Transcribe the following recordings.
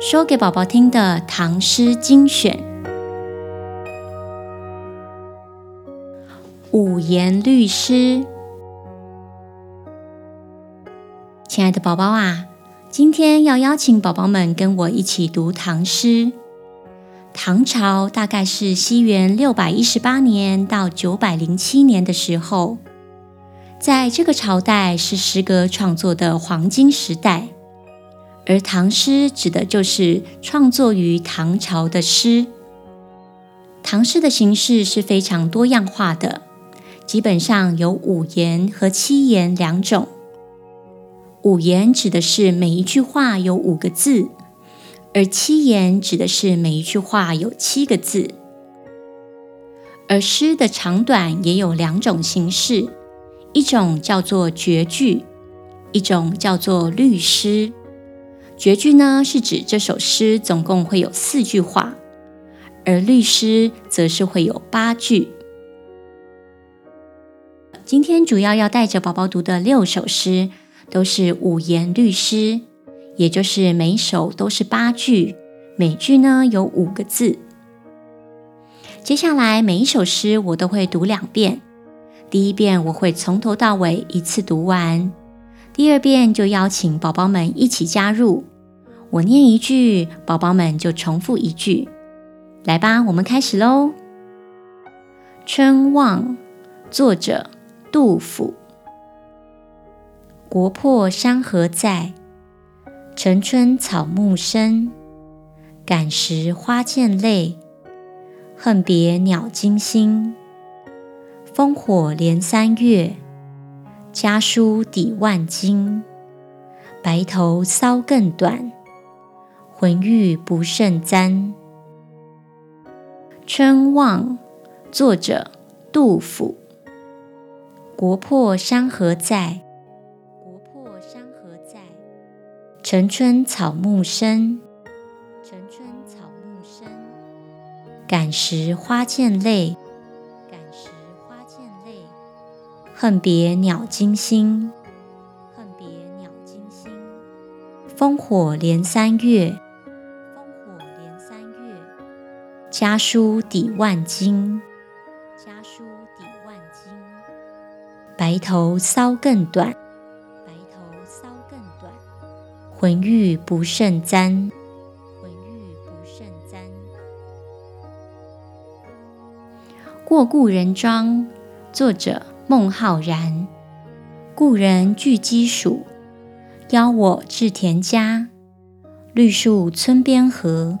說給寶寶聽的唐詩精選，五言律詩。親愛的寶寶啊，今天要邀請寶寶們跟我一起讀唐詩。唐朝大概是西元六百一十八年到九百零七年的時候，在這個朝代是詩歌創作的黃金時代。而唐詩指的就是創作於唐朝的詩。唐詩的形式是非常多樣化的，基本上有五言和七言兩種。五言指的是每一句話有五個字，而七言指的是每一句話有七個字。而詩的長短也有兩種形式，一種叫做絕句，一種叫做律詩。絕句呢，是指這首詩總共會有四句話，而律詩則是會有八句。今天主要要帶着寶寶讀的六首詩都是五言律詩，也就是每一首都是八句，每句呢有五個字。接下來每一首詩我都會讀兩遍，第一遍我會從頭到尾一次讀完，第二遍就邀請寶寶們一起加入。我念一句，寶寶們就重複一句。來吧，我們開始嘍。《春望》作者杜甫。國破山河在，城春草木深。感時花濺淚，恨別鳥驚心。烽火連三月，家書抵萬金。白頭搔更短。渾欲不勝簪。《春望》作者杜甫。國破山河在，國破山河在。城春草木深，城春草木深。感時花濺淚，感時花濺淚。恨別鳥驚心，恨別鳥驚心。心烽火連三月。家書抵萬金，家書抵萬金。白頭搔更短，白頭搔更短。渾欲不勝簪，渾欲不勝簪。過故人莊，作者孟浩然。故人具雞黍，邀我至田家。綠樹村邊合。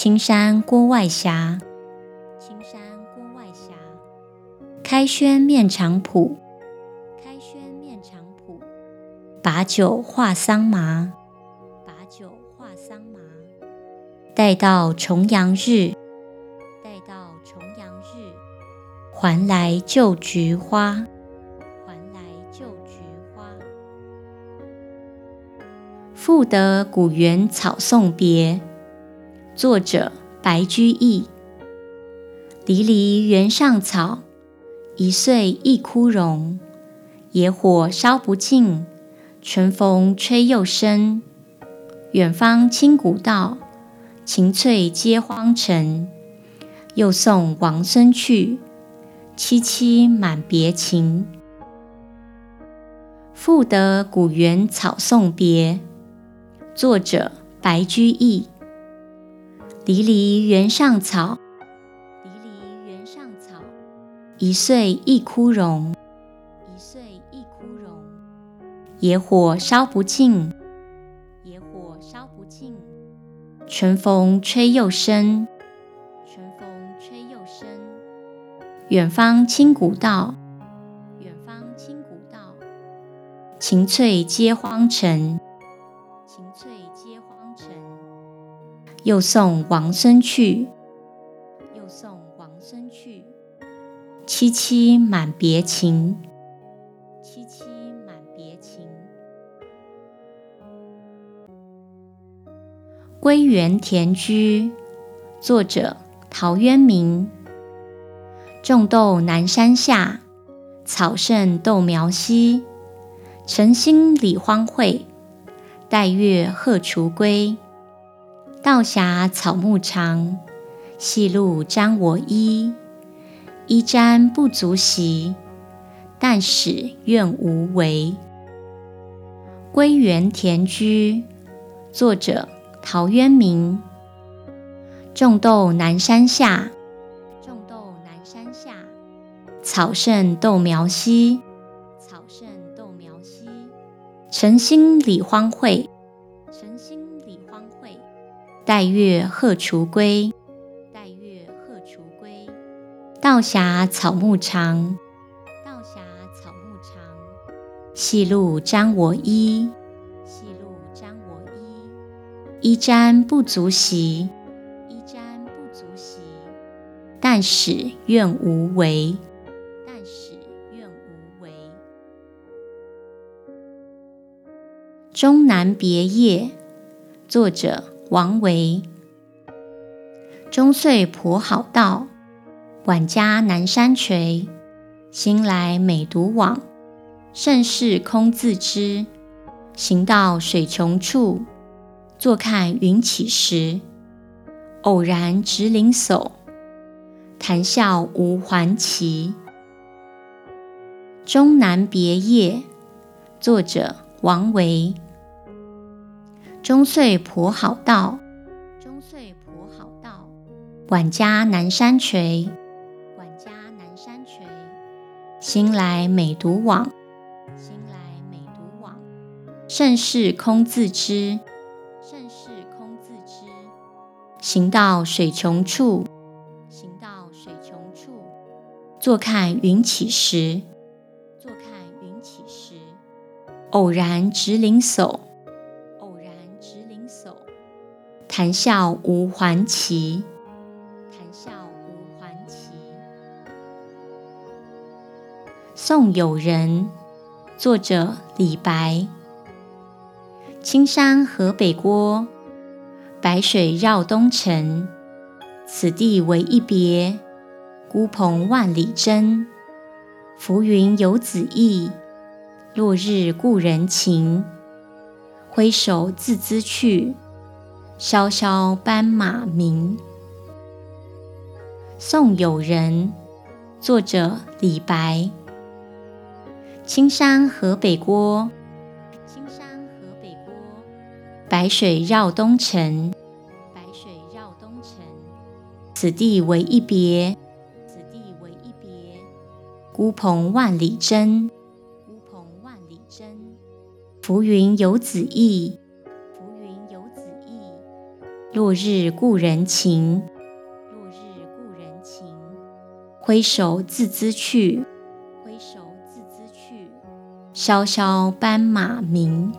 青山郭外斜。青山郭外斜。開軒面場圃。開軒面場圃。把酒話桑麻。把酒話桑麻。待到重陽日。待到重陽日。還來就菊花。還來就菊花。賦得古原草送別。作者白居易。離離原上草，一歲一枯榮。野火燒不盡，春風吹又生。遠芳侵古道，晴翠接荒城。又送王孫去，萋萋滿別情。《賦得古原草送別》作者白居易。離離原上草，離離原上草，一歲一枯榮，一歲一枯榮。野火燒不盡，野火燒不盡。春風吹又生，春風吹又生。遠芳侵古道，遠芳侵古道。晴翠接荒城。又送王孫去，又送王孫去。萋萋滿別情。萋萋滿別情。《歸園田居》作者陶淵明。種豆南山下，草盛豆苗稀。晨興理荒穢，帶月荷鋤歸。道狹草木長，夕露沾我衣。衣沾不足惜，但使願無違。《歸園田居》作者陶淵明。種豆南山下，種豆南山下。草盛豆苗稀，草盛豆苗稀。晨興理荒穢。帶月荷鋤歸，帶月荷鋤歸。道狹草木長，道狹草木長。夕露沾我衣，夕露沾我衣。衣沾不足惜，衣沾不足惜。但使願無違，但使願無違。《終南別業》，作者。王維，中歲頗好道，晚家南山陲。興來每獨往，勝事空自知。行到水窮處，坐看雲起時。偶然值林叟，談笑無還期。《終南別業》作者王維。中歲頗好道，中歲頗好道，晚家南山陲。晚家南山陲，興來每獨往，興來每獨往，勝事空自知，勝事空自知。行到水窮處，行到水窮處，坐看雲起時，坐看雲起時。偶然值林叟。談笑無還期。談笑無還期。送友人，作者李白。青山橫北郭，白水繞東城。此地為一別，孤蓬萬里征。浮雲遊子意，落日故人情。揮手自茲去。蕭蕭班馬鳴。送友人，作者李白。青山橫北郭，青山橫北郭，白水繞東城，白水繞東城。此地為一別，此地為一別。孤蓬萬里征，孤蓬萬里征。浮雲遊子意。落日故人情，落日故人情，揮手自茲去，揮手自茲去，蕭蕭班馬鳴。